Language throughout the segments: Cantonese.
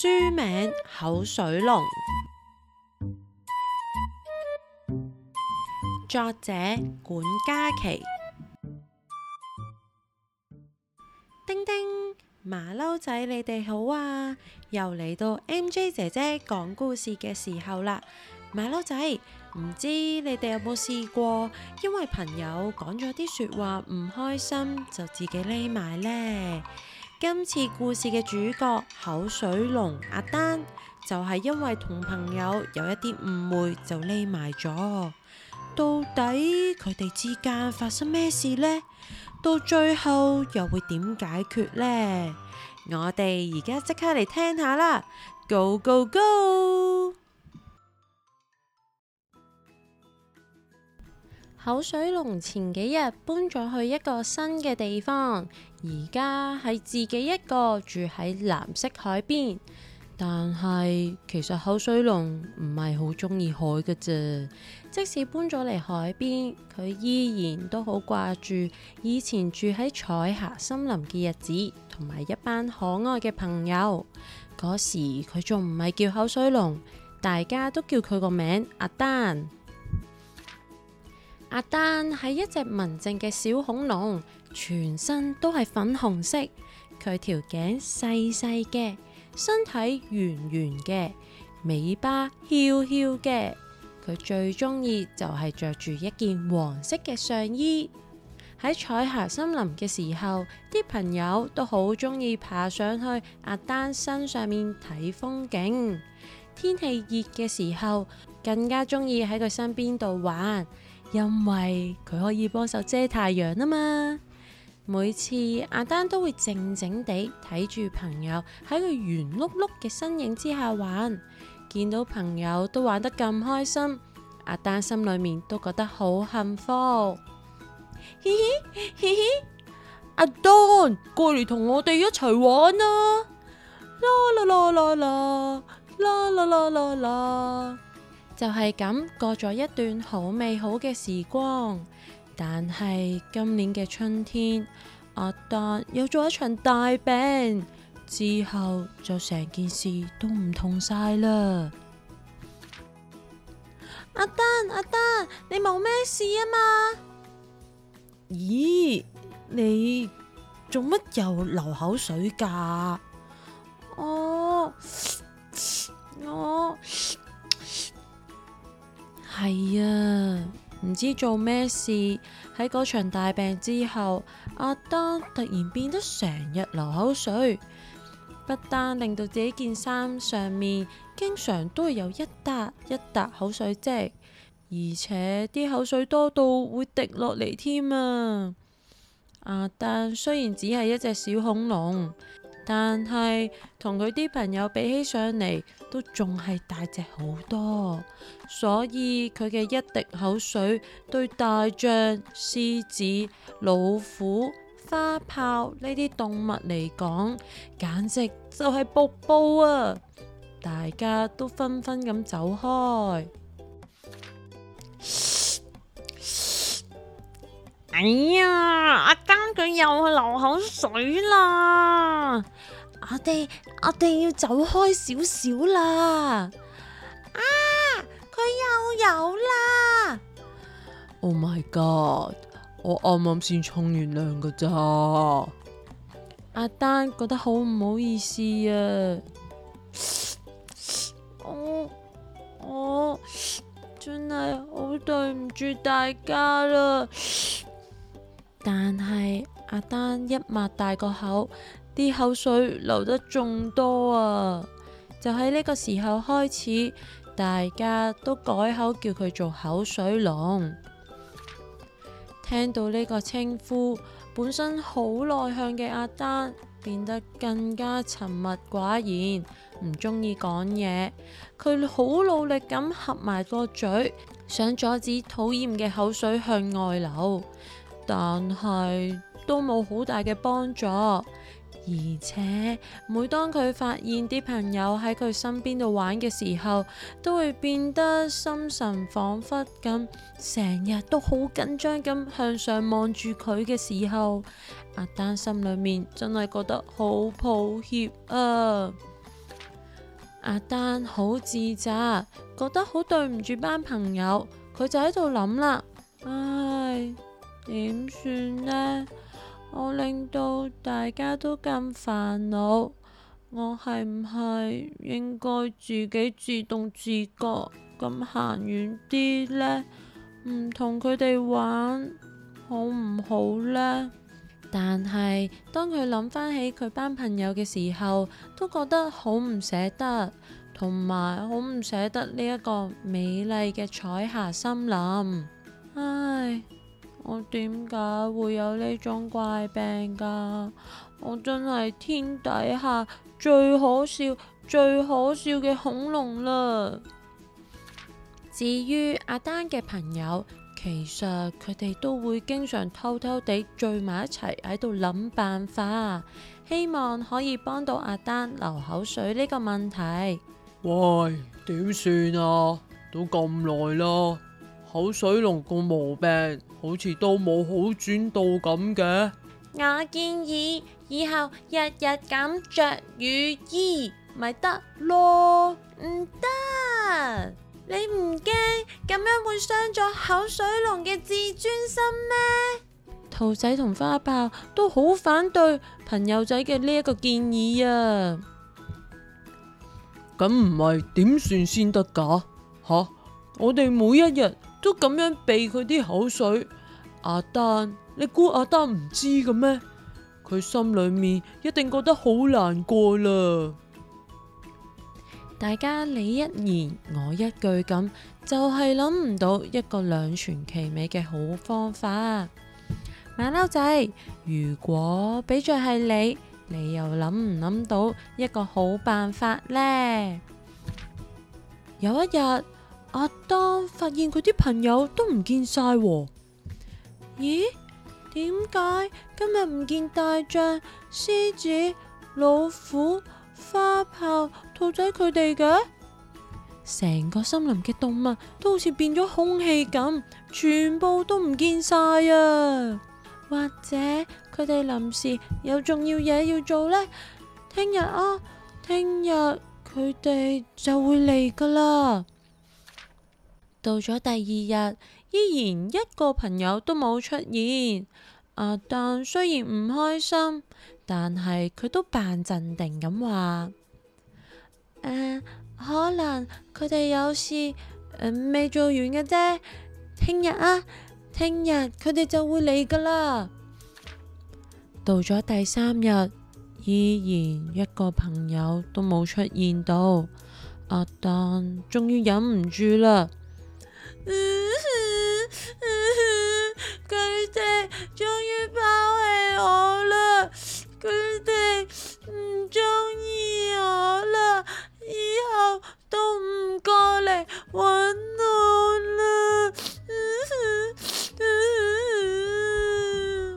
書名《口水龍》，作者管家琪。丁丁、馬騮仔，你哋好啊！又嚟到 MJ 姐姐講故事嘅時候啦。馬騮仔，唔知你哋有冇試過，因為朋友講咗啲說話唔開心，就自己匿埋呢？今次故事嘅主角口水龍阿丹，就係因為同朋友有一啲誤會，就匿埋咗。到底佢哋之間發生咩事呢？到最後又會點解決呢？我哋而家即刻嚟聽下啦！Go go go！口水龍前幾日搬咗去一個新嘅地方，而家係自己一個住喺藍色海邊。但係其實口水龍唔係好中意海嘅啫，即使搬咗嚟海邊，佢依然都好掛住以前住喺彩霞森林嘅日子，同埋一班可愛嘅朋友。嗰時佢仲唔係叫口水龍，大家都叫佢個名阿丹。阿丹係一隻文靜嘅小恐龍，全身都係粉紅色。佢條頸細細嘅，身體圓圓嘅，尾巴翹翹嘅。佢最中意就係着住一件黃色嘅上衣。喺彩霞森林嘅時候，啲朋友都好中意爬上去阿丹身上面睇風景。天氣熱嘅時候，更加中意喺佢身邊度玩。因為佢可以幫手遮太陽啊嘛，每次阿丹都會靜靜地睇住朋友喺佢圓碌碌嘅身影之下玩，見到朋友都玩得咁開心，阿丹心裏面都覺得好幸福。嘻嘻嘻嘻，阿丹，過嚟同我哋一齊玩啊！啦啦啦啦啦！啦啦啦啦啦！就係咁過咗一段好美好嘅時光，但係今年嘅春天，阿丹有咗一場大病，之後就成件事都唔同晒啦。阿丹，阿丹，你冇咩事啊嘛？咦，你做乜又流口水㗎？哦，哦。係啊，唔知做咩事喺嗰場大病之後，阿丹突然變得成日流口水，不單令到自己件衫上面經常都會有一笪一笪口水漬，而且啲口水多到會滴落嚟添啊！阿丹雖然只係一隻小恐龍。但係同佢啲朋友比起上嚟，都仲係大隻好多，所以佢嘅一滴口水對大象、獅子、老虎、花豹呢啲動物嚟講，簡直就係瀑布啊！大家都紛紛咁走開。哎呀，阿丹佢又去流口水啦！我哋我哋要走開少少啦！啊，佢又有啦！Oh my god！我啱啱先沖完涼噶咋？阿丹覺得好唔好意思啊！ 我我真係好對唔住大家啦！ 但係阿丹一擘大個口。啲口水流得仲多啊！就喺呢個時候開始，大家都改口叫佢做口水龍。聽到呢個稱呼，本身好內向嘅阿丹變得更加沉默寡言，唔中意講嘢。佢好努力咁合埋個嘴，想阻止討厭嘅口水向外流，但係都冇好大嘅幫助。而且，每當佢發現啲朋友喺佢身邊度玩嘅時候，都會變得心神恍惚咁，成日都好緊張咁向上望住佢嘅時候，阿丹心裏面真係覺得好抱歉啊！阿丹好自責，覺得好對唔住班朋友，佢就喺度諗啦，唉，點算呢？我令到大家都咁煩惱，我係唔係應該自己自動自覺咁行遠啲呢？唔同佢哋玩，好唔好呢？但係當佢諗返起佢班朋友嘅時候，都覺得好唔捨得，同埋好唔捨得呢一個美麗嘅彩霞森林。唉。我點解會有呢種怪病㗎？我真係天底下最可笑、最可笑嘅恐龍啦！至於阿丹嘅朋友，其實佢哋都會經常偷偷地聚埋一齊喺度諗辦法，希望可以幫到阿丹流口水呢個問題。喂，點算啊？都咁耐啦，口水龍個毛病。好似都冇好轉到咁嘅。我建議以後日日咁着雨衣咪得咯。唔得，你唔驚咁樣會傷咗口水龍嘅自尊心咩？兔仔同花豹都好反對朋友仔嘅呢一個建議啊，咁唔係點算先得噶？吓，我哋每一日，都咁樣避佢啲口水，阿丹，你估阿丹唔知嘅咩？佢心裏面一定覺得好難過啦。大家你一言我一句咁，就係諗唔到一個兩全其美嘅好方法。馬騮仔，如果俾着係你，你又諗唔諗到一個好辦法呢？有一日。阿丹發現佢啲朋友都唔見晒，咦？點解今日唔見大象、獅子、老虎、花豹、兔仔佢哋嘅？成個森林嘅動物都好似變咗空氣咁，全部都唔見晒啊！或者佢哋臨時有重要嘢要做呢？聽日啊，聽日佢哋就會嚟噶啦。到咗第二日，依然一個朋友都冇出現。阿丹雖然唔開心，但係佢都扮鎮定咁話：uh, 可能佢哋有事、uh, 未做完嘅啫。聽日啊，聽日佢哋就會嚟噶啦。到咗第三日，依然一個朋友都冇出現到。阿丹終於忍唔住啦。佢哋、呃呃呃、終於拋棄我啦，佢哋唔中意我啦，以後都唔過嚟搵我啦。呃呃呃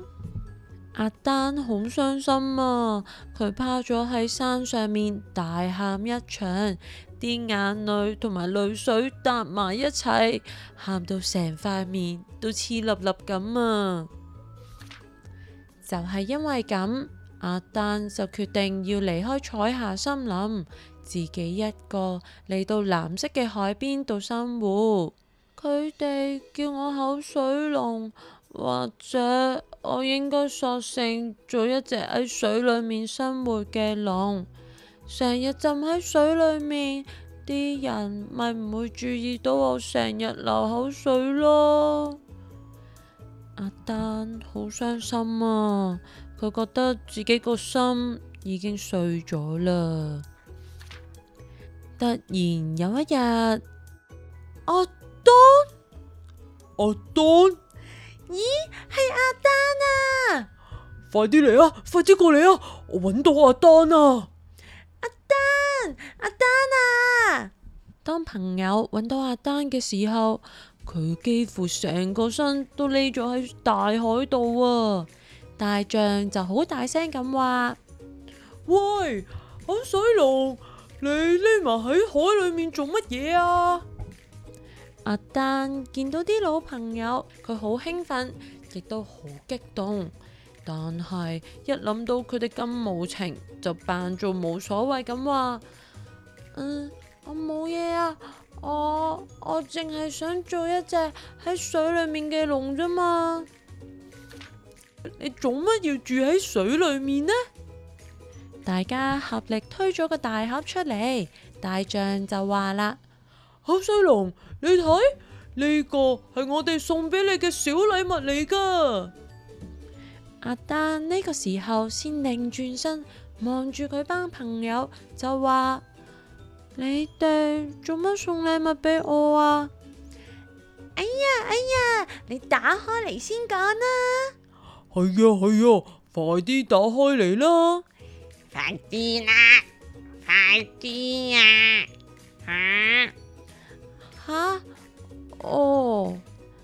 呃、阿丹好傷心啊，佢趴咗喺山上面大喊一場。啲眼淚同埋淚水搭埋一齊，喊到成塊面都黐粒粒咁啊！就係因為咁，阿丹就決定要離開彩霞森林，自己一個嚟到藍色嘅海邊度生活。佢哋 叫我口水龍，或者我應該索性做一隻喺水裏面生活嘅龍。成日浸喺水裏面，啲人咪唔會注意到我成日流口水咯。阿丹好傷心啊，佢覺得自己個心已經碎咗啦。突然有一日，阿丹，阿丹，咦，係阿丹啊！快啲嚟啊！快啲過嚟啊！我搵到阿丹啊！阿丹啊！當朋友揾到阿丹嘅時候，佢幾乎成個身都匿咗喺大海度啊！大象就好大聲咁話：喂，口水龍，你匿埋喺海裏面做乜嘢啊？阿丹見到啲老朋友，佢好興奮，亦都好激動。但係一諗到佢哋咁無情，就扮做冇所謂咁話。嗯、呃，我冇嘢啊，我我淨係想做一隻喺水裏面嘅龍咋嘛。你做乜要住喺水裏面呢？大家合力推咗個大盒出嚟，大象就話啦：口水龍，你睇呢，這個係我哋送俾你嘅小禮物嚟噶。阿丹呢個時候先擰轉身望住佢班朋友，就話：你哋做乜送禮物俾我啊？哎呀哎呀，你打開嚟先講啦。係呀係呀，快啲打開嚟啦，啊！快啲啦，啊！快啲呀！吓？吓？哦，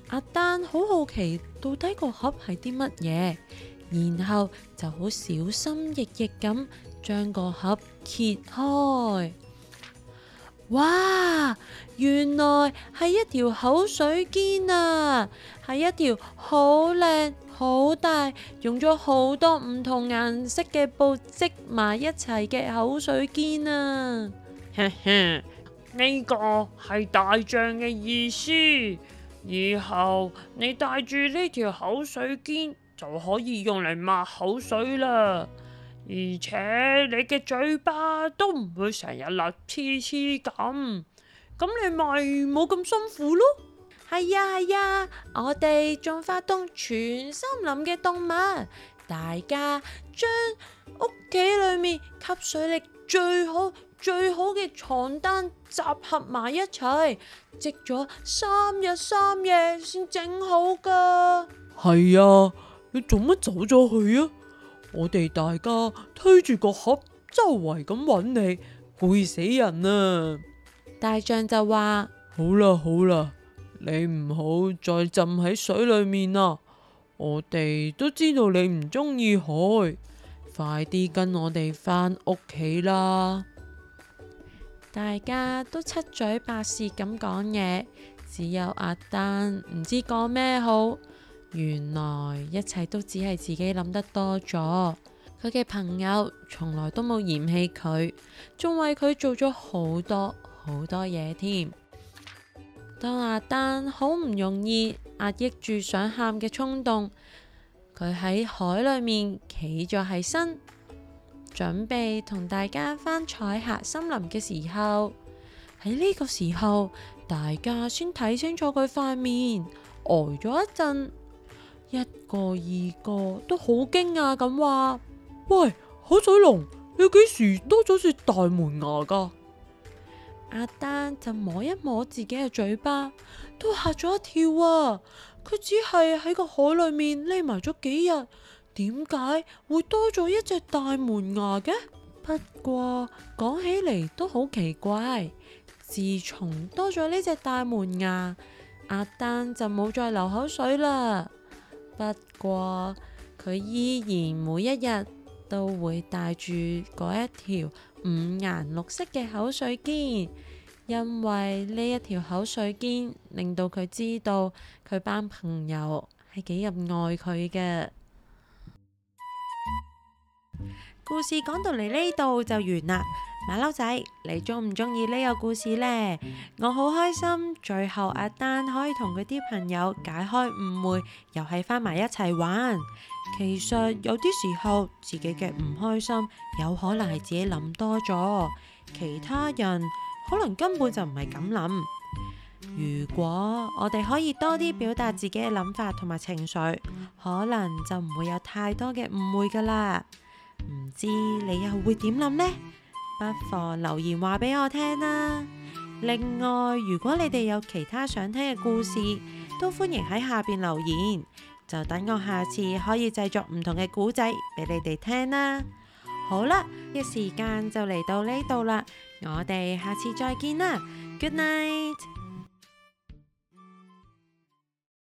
阿丹好好奇。到底個盒係啲乜嘢？然後就好小心翼翼咁將個盒揭開。哇！原來係一條口水肩啊，係一條好靚、好大，用咗好多唔同顏色嘅布織埋一齊嘅口水肩啊！呢 個係大象嘅意思。以後你帶住呢條口水肩就可以用嚟抹口水啦，而且你嘅嘴巴都唔會成日辣黐黐咁，咁你咪冇咁辛苦咯。係呀係呀，我哋仲發動全森林嘅動物，大家將屋企裏面吸水力最好。最好嘅床單集合埋一齊，織咗三日三夜先整好噶。係啊，你做乜走咗去啊？我哋大家推住個盒周圍咁揾你，攰死人啊！大象就話：好啦好啦，你唔好再浸喺水裏面啦。我哋都知道你唔中意海，快啲跟我哋返屋企啦！大家都七嘴八舌咁講嘢，只有阿丹唔知講咩好。原來一切都只係自己諗得多咗。佢嘅朋友從來都冇嫌棄佢，仲為佢做咗好多好多嘢添。當阿丹好唔容易壓抑住想喊嘅衝動，佢喺海裏面企咗起身。準備同大家返彩霞森林嘅時候，喺呢個時候，大家先睇清楚佢塊面，呆咗一陣，一個二個都好驚訝咁話：喂，口水龍，你幾時多咗隻大門牙噶？阿丹就摸一摸自己嘅嘴巴，都吓咗一跳啊！佢只係喺個海裏面匿埋咗幾日，點解會多咗一隻大門牙嘅？不過講起嚟，都好奇怪。自從多咗呢隻大門牙，阿丹就冇再流口水啦。不過佢依然每一日都會帶住嗰一條五顏六色嘅口水肩，因為呢一條口水肩令到佢知道佢班朋友係幾咁愛佢嘅。故事講到嚟呢度就完啦，馬騮仔，你中唔中意呢個故事呢？我好開心，最後阿丹可以同佢啲朋友解開誤會，又係返埋一齊玩。其實有啲時候自己嘅唔開心，有可能係自己諗多咗，其他人可能根本就唔係咁諗。如果我哋可以多啲表達自己嘅諗法同埋情緒，可能就唔會有太多嘅誤會噶啦。唔知你又會點諗呢？不妨留言話俾我聽啦。另外，如果你哋有其他想聽嘅故事，都歡迎喺下邊留言，就等我下次可以製作唔同嘅故仔俾你哋聽啦。好啦，一時間就嚟到呢度啦，我哋下次再見啦，Good night。